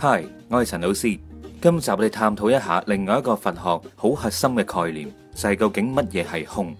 嗨，我係陳老師。今集我哋探討一下另外一個佛學好核心嘅概念，就係究竟乜嘢係空。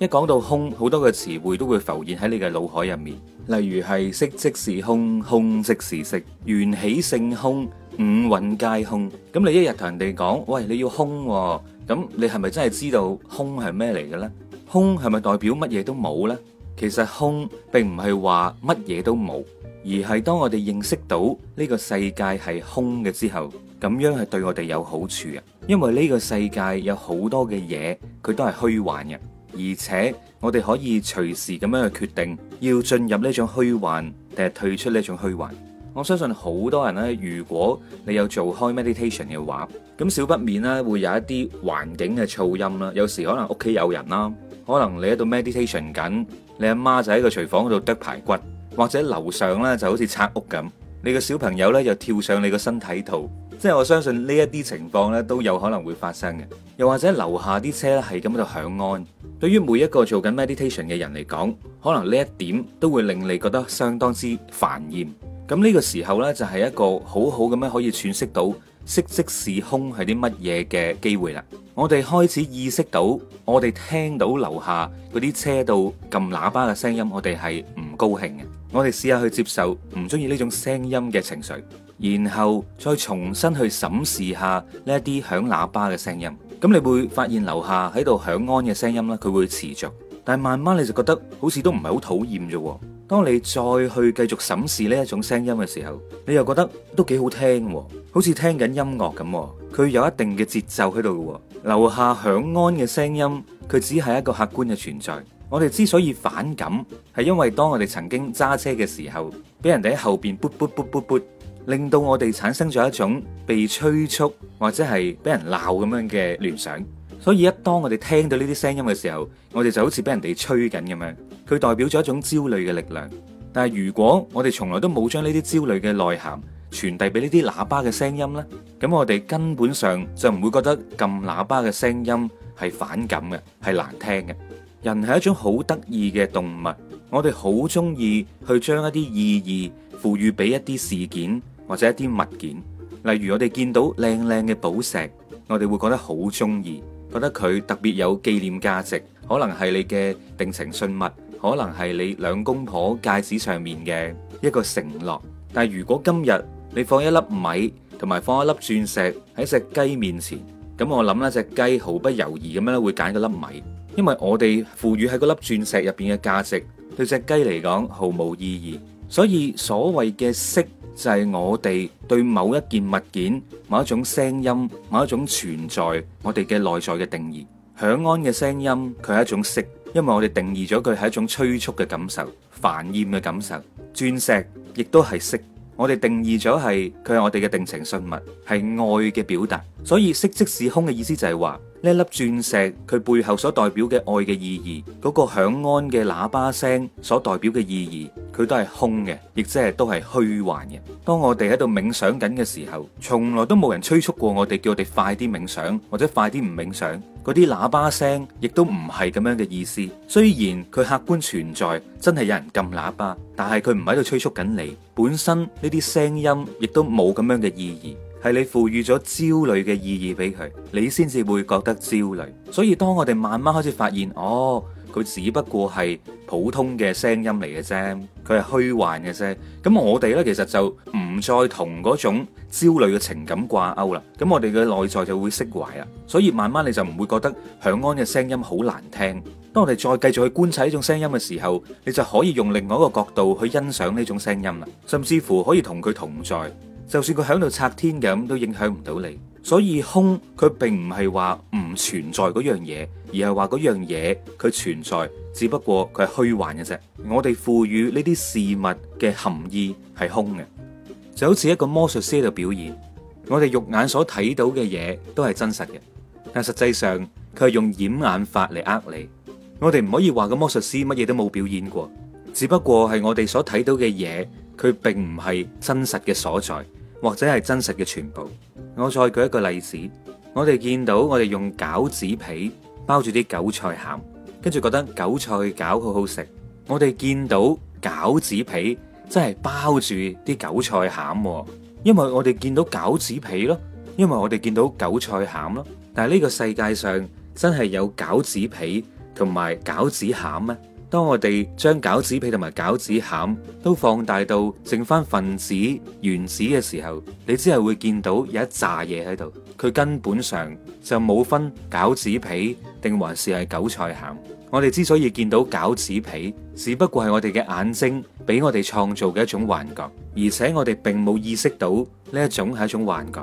一講到空，好多嘅詞彙都會浮現喺你嘅腦海入面，例如係色即是空、空即是色、緣起性空、五蘊皆空。咁你一日同人哋講，喂，你要空喎，咁你係咪真係知道空係咩嚟嘅咧？空係咪代表乜嘢都冇咧？其實空並唔係話乜嘢都冇。而係當我哋認識到呢個世界係空嘅之後，咁樣係對我哋有好處嘅，因為呢個世界有好多嘅嘢，佢都係虛幻嘅，而且我哋可以隨時咁樣去決定要進入呢種虛幻，定係退出呢種虛幻。我相信好多人呢，如果你有做開 meditation 嘅話，咁少不免啦、啊，會有一啲環境嘅噪音啦，有時可能屋企有人啦，可能你喺度 meditation 緊，你阿媽就喺個廚房嗰度剁排骨。或者樓上咧就好似拆屋咁，你個小朋友咧又跳上你個身體度，即係我相信呢一啲情況咧都有可能會發生嘅。又或者樓下啲車咧係咁喺度響安。對於每一個做緊 meditation 嘅人嚟講，可能呢一點都會令你覺得相當之煩厭。咁呢個時候呢，就係一個好好咁樣可以喘息到色即是空係啲乜嘢嘅機會啦？我哋開始意識到，我哋聽到樓下嗰啲車道撳喇叭嘅聲音，我哋係唔高興嘅。我哋試下去接受唔中意呢種聲音嘅情緒，然後再重新去審視下呢一啲響喇叭嘅聲音。咁你會發現樓下喺度響安嘅聲音呢，佢會持續，但係慢慢你就覺得好似都唔係好討厭啫。當你再去繼續審視呢一種聲音嘅時候，你又覺得都幾好聽，好似聽緊音樂咁。佢有一定嘅節奏喺度嘅，留下響安嘅聲音，佢只係一個客觀嘅存在。我哋之所以反感，係因為當我哋曾經揸車嘅時候，俾人哋喺後邊噋噋噋噋噋，令到我哋產生咗一種被催促或者係俾人鬧咁樣嘅聯想。所以一當我哋聽到呢啲聲音嘅時候，我哋就好似俾人哋催緊咁樣。佢代表咗一種焦慮嘅力量，但係如果我哋從來都冇將呢啲焦慮嘅內涵傳遞俾呢啲喇叭嘅聲音咧，咁我哋根本上就唔會覺得撳喇叭嘅聲音係反感嘅，係難聽嘅。人係一種好得意嘅動物，我哋好中意去將一啲意義賦予俾一啲事件或者一啲物件，例如我哋見到靚靚嘅寶石，我哋會覺得好中意，覺得佢特別有紀念價值，可能係你嘅定情信物。可能係你兩公婆戒指上面嘅一個承諾，但係如果今日你放一粒米同埋放一粒鑽石喺隻雞面前，咁我諗呢，隻雞毫不猶豫咁樣咧會揀一粒米，因為我哋賦予喺嗰粒鑽石入邊嘅價值，對隻雞嚟講毫無意義。所以所謂嘅色就係我哋對某一件物件、某一種聲音、某一種存在，我哋嘅內在嘅定義。響安嘅聲音，佢係一種色。因為我哋定義咗佢係一種催促嘅感受、煩厭嘅感受。鑽石亦都係色，我哋定義咗係佢係我哋嘅定情信物，係愛嘅表達。所以色即是空嘅意思就係話。呢粒鑽石佢背後所代表嘅愛嘅意義，嗰個響安嘅喇叭聲所代表嘅意義，佢都係空嘅，亦即係都係虛幻嘅。當我哋喺度冥想緊嘅時候，從來都冇人催促過我哋，叫我哋快啲冥想或者快啲唔冥想。嗰啲喇叭聲亦都唔係咁樣嘅意思。雖然佢客觀存在，真係有人撳喇叭，但係佢唔喺度催促緊你。本身呢啲聲音亦都冇咁樣嘅意義。係你賦予咗焦慮嘅意義俾佢，你先至會覺得焦慮。所以當我哋慢慢開始發現，哦，佢只不過係普通嘅聲音嚟嘅啫，佢係虛幻嘅啫。咁我哋呢，其實就唔再同嗰種焦慮嘅情感掛鈎啦。咁我哋嘅內在就會釋懷啦。所以慢慢你就唔會覺得響安嘅聲音好難聽。當我哋再繼續去觀察呢種聲音嘅時候，你就可以用另外一個角度去欣賞呢種聲音啦，甚至乎可以同佢同在。就算佢喺度拆天咁，都影響唔到你。所以空佢並唔係話唔存在嗰樣嘢，而係話嗰樣嘢佢存在，只不過佢係虛幻嘅啫。我哋賦予呢啲事物嘅含義係空嘅，就好似一個魔術師喺度表演，我哋肉眼所睇到嘅嘢都係真實嘅，但實際上佢係用掩眼法嚟呃你。我哋唔可以話個魔術師乜嘢都冇表演過，只不過係我哋所睇到嘅嘢，佢並唔係真實嘅所在。或者係真實嘅全部。我再舉一個例子，我哋見到我哋用餃子皮包住啲韭菜餡，跟住覺得韭菜餃好好食。我哋見到餃子皮真係包住啲韭菜餡，因為我哋見到餃子皮咯，因為我哋見到韭菜餡咯。但係呢個世界上真係有餃子皮同埋餃子餡咩？當我哋將餃子皮同埋餃子餡都放大到剩翻，分子原子嘅時候，你只係會見到有一扎嘢喺度，佢根本上就冇分餃子皮定還是係韭菜餡。我哋之所以見到餃子皮，只不過係我哋嘅眼睛俾我哋創造嘅一種幻覺，而且我哋並冇意識到呢一種係一種幻覺。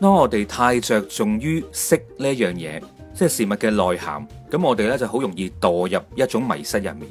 當我哋太着重於識呢樣嘢，即係事物嘅內涵，咁我哋呢就好容易墮入一種迷失入面。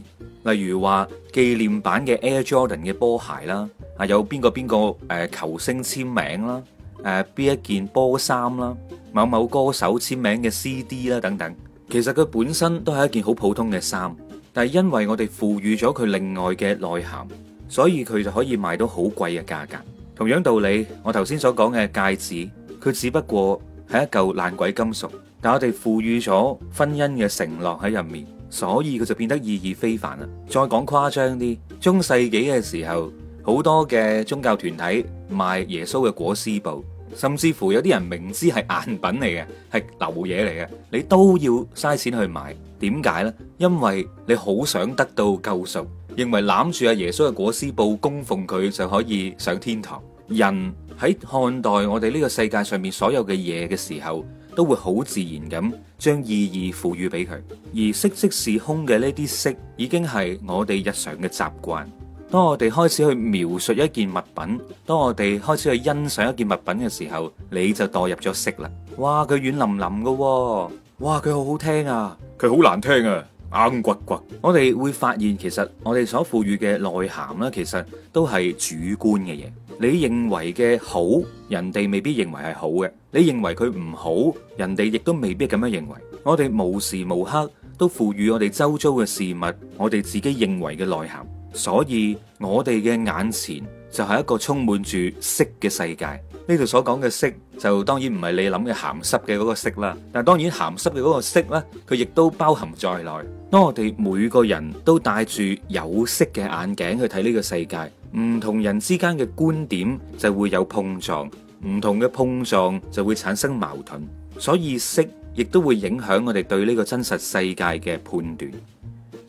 例如話紀念版嘅 Air Jordan 嘅波鞋啦，啊有邊個邊個誒球星簽名啦，誒邊一件波衫啦，某某歌手簽名嘅 CD 啦等等。其實佢本身都係一件好普通嘅衫，但係因為我哋賦予咗佢另外嘅內涵，所以佢就可以賣到好貴嘅價格。同樣道理，我頭先所講嘅戒指，佢只不過係一嚿爛鬼金屬。但係我哋賦予咗婚姻嘅承諾喺入面，所以佢就變得意義非凡啦。再講誇張啲，中世紀嘅時候，好多嘅宗教團體賣耶穌嘅裹屍布，甚至乎有啲人明知係贋品嚟嘅，係流嘢嚟嘅，你都要嘥錢去買。點解呢？因為你好想得到救贖，認為攬住阿耶穌嘅裹屍布供奉佢就可以上天堂。人喺看待我哋呢個世界上面所有嘅嘢嘅時候，都會好自然咁將意義賦予俾佢，而色即是空嘅呢啲色已經係我哋日常嘅習慣。當我哋開始去描述一件物品，當我哋開始去欣賞一件物品嘅時候，你就墮入咗色啦。哇，佢軟淋淋噶，哇，佢好好聽啊，佢好難聽啊，硬掘掘。我哋會發現，其實我哋所賦予嘅內涵呢，其實都係主觀嘅嘢。你認為嘅好，人哋未必認為係好嘅；你認為佢唔好，人哋亦都未必咁樣認為。我哋無時無刻都賦予我哋周遭嘅事物，我哋自己認為嘅內涵。所以我哋嘅眼前就係一個充滿住色嘅世界。呢度所講嘅色就當然唔係你諗嘅鹹濕嘅嗰個色啦。但係當然鹹濕嘅嗰個色咧，佢亦都包含在內。當我哋每個人都戴住有色嘅眼鏡去睇呢個世界，唔同人之間嘅觀點就會有碰撞，唔同嘅碰撞就會產生矛盾。所以色亦都會影響我哋對呢個真實世界嘅判斷。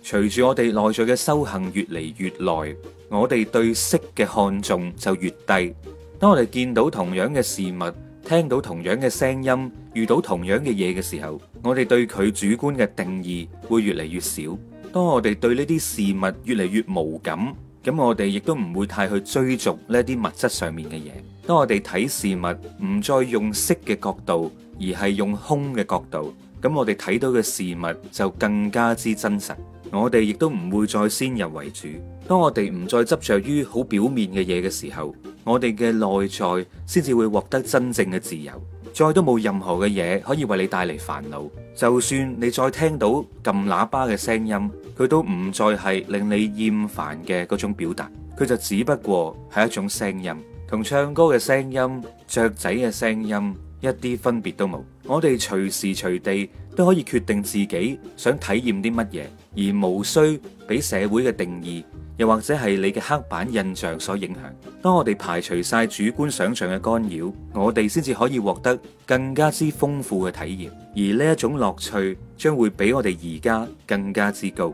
隨住我哋內在嘅修行越嚟越耐，我哋對色嘅看重就越低。當我哋見到同樣嘅事物、聽到同樣嘅聲音、遇到同樣嘅嘢嘅時候，我哋對佢主觀嘅定義會越嚟越少。當我哋對呢啲事物越嚟越無感，咁我哋亦都唔會太去追逐呢啲物質上面嘅嘢。當我哋睇事物唔再用色嘅角度，而係用空嘅角度，咁我哋睇到嘅事物就更加之真實。我哋亦都唔會再先入為主。當我哋唔再執着於好表面嘅嘢嘅時候，我哋嘅內在先至會獲得真正嘅自由。再都冇任何嘅嘢可以為你帶嚟煩惱。就算你再聽到撳喇叭嘅聲音，佢都唔再係令你厭煩嘅嗰種表達。佢就只不過係一種聲音，同唱歌嘅聲音、雀仔嘅聲音，一啲分別都冇。我哋隨時隨地都可以決定自己想體驗啲乜嘢。而無需俾社會嘅定義，又或者係你嘅黑板印象所影響。當我哋排除晒主觀想象嘅干擾，我哋先至可以獲得更加之豐富嘅體驗。而呢一種樂趣，將會比我哋而家更加之高。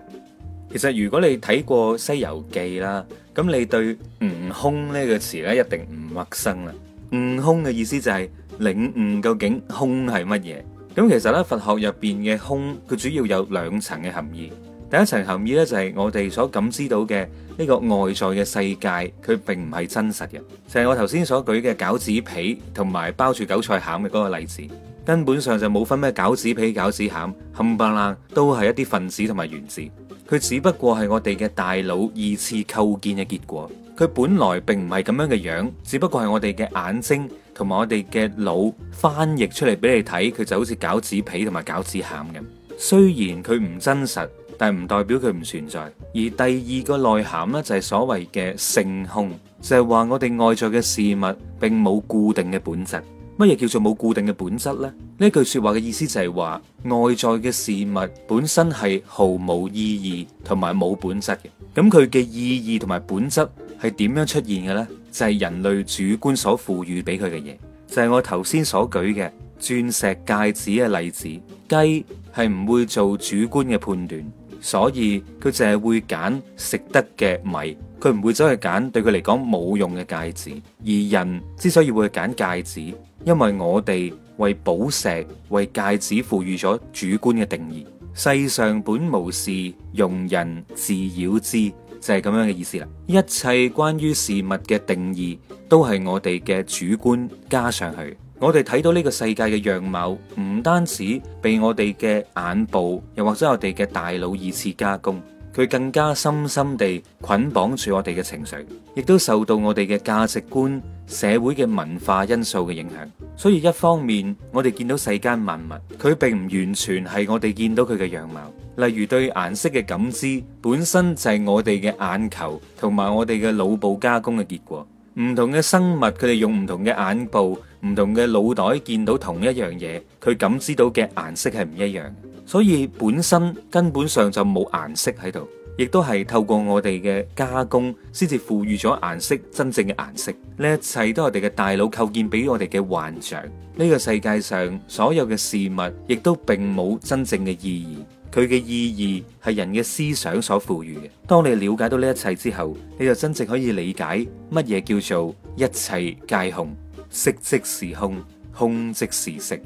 其實，如果你睇過《西遊記》啦，咁你對悟空呢個詞咧一定唔陌生啦。悟空嘅意思就係領悟，究竟空係乜嘢？咁其實咧，佛學入邊嘅空，佢主要有兩層嘅含義。第一層含義咧，就係我哋所感知到嘅呢個外在嘅世界，佢並唔係真實嘅。就係、是、我頭先所舉嘅餃子皮同埋包住韭菜餡嘅嗰個例子，根本上就冇分咩餃子皮餃子餡，冚唪唥都係一啲分子同埋原子。佢只不過係我哋嘅大腦二次構建嘅結果。佢本來並唔係咁樣嘅樣，只不過係我哋嘅眼睛同埋我哋嘅腦翻譯出嚟俾你睇，佢就好似餃子皮同埋餃子餡咁。雖然佢唔真實。但唔代表佢唔存在。而第二個內涵呢，就係、是、所謂嘅性空，就係、是、話我哋外在嘅事物並冇固定嘅本質。乜嘢叫做冇固定嘅本質咧？呢句說話嘅意思就係話外在嘅事物本身係毫無意義，同埋冇本質嘅。咁佢嘅意義同埋本質係點樣出現嘅咧？就係、是、人類主觀所賦予俾佢嘅嘢。就係、是、我頭先所舉嘅鑽石戒指嘅例子，雞係唔會做主觀嘅判斷。所以佢淨係會揀食得嘅米，佢唔會走去揀對佢嚟講冇用嘅戒指。而人之所以會揀戒指，因為我哋為寶石、為戒指賦予咗主觀嘅定義。世上本無事，庸人自擾之，就係、是、咁樣嘅意思啦。一切關於事物嘅定義，都係我哋嘅主觀加上去。我哋睇到呢個世界嘅樣貌，唔單止被我哋嘅眼部，又或者我哋嘅大腦二次加工，佢更加深深地捆綁住我哋嘅情緒，亦都受到我哋嘅價值觀、社會嘅文化因素嘅影響。所以一方面，我哋見到世間萬物，佢並唔完全係我哋見到佢嘅樣貌。例如對顏色嘅感知，本身就係我哋嘅眼球同埋我哋嘅腦部加工嘅結果。唔同嘅生物，佢哋用唔同嘅眼部、唔同嘅腦袋見到同一樣嘢，佢感知到嘅顏色係唔一樣。所以本身根本上就冇顏色喺度，亦都係透過我哋嘅加工，先至賦予咗顏色真正嘅顏色。呢一切都係我哋嘅大腦構建俾我哋嘅幻象。呢、這個世界上所有嘅事物，亦都並冇真正嘅意義。佢嘅意義係人嘅思想所賦予嘅。當你了解到呢一切之後，你就真正可以理解乜嘢叫做一切皆空，色即是空，空即是色。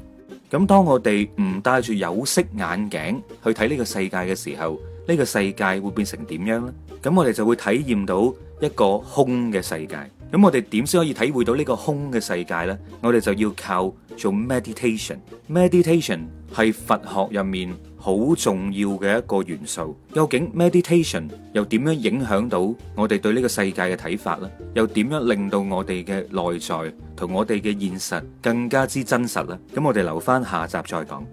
咁當我哋唔戴住有色眼鏡去睇呢個世界嘅時候，呢個世界會變成點樣呢？咁我哋就會體驗到一個空嘅世界。咁我哋點先可以體會到呢個空嘅世界呢？我哋就要靠做 meditation。meditation 係佛學入面好重要嘅一個元素。究竟 meditation 又點樣影響到我哋對呢個世界嘅睇法呢？又點樣令到我哋嘅內在同我哋嘅現實更加之真實呢？咁我哋留返下集再講。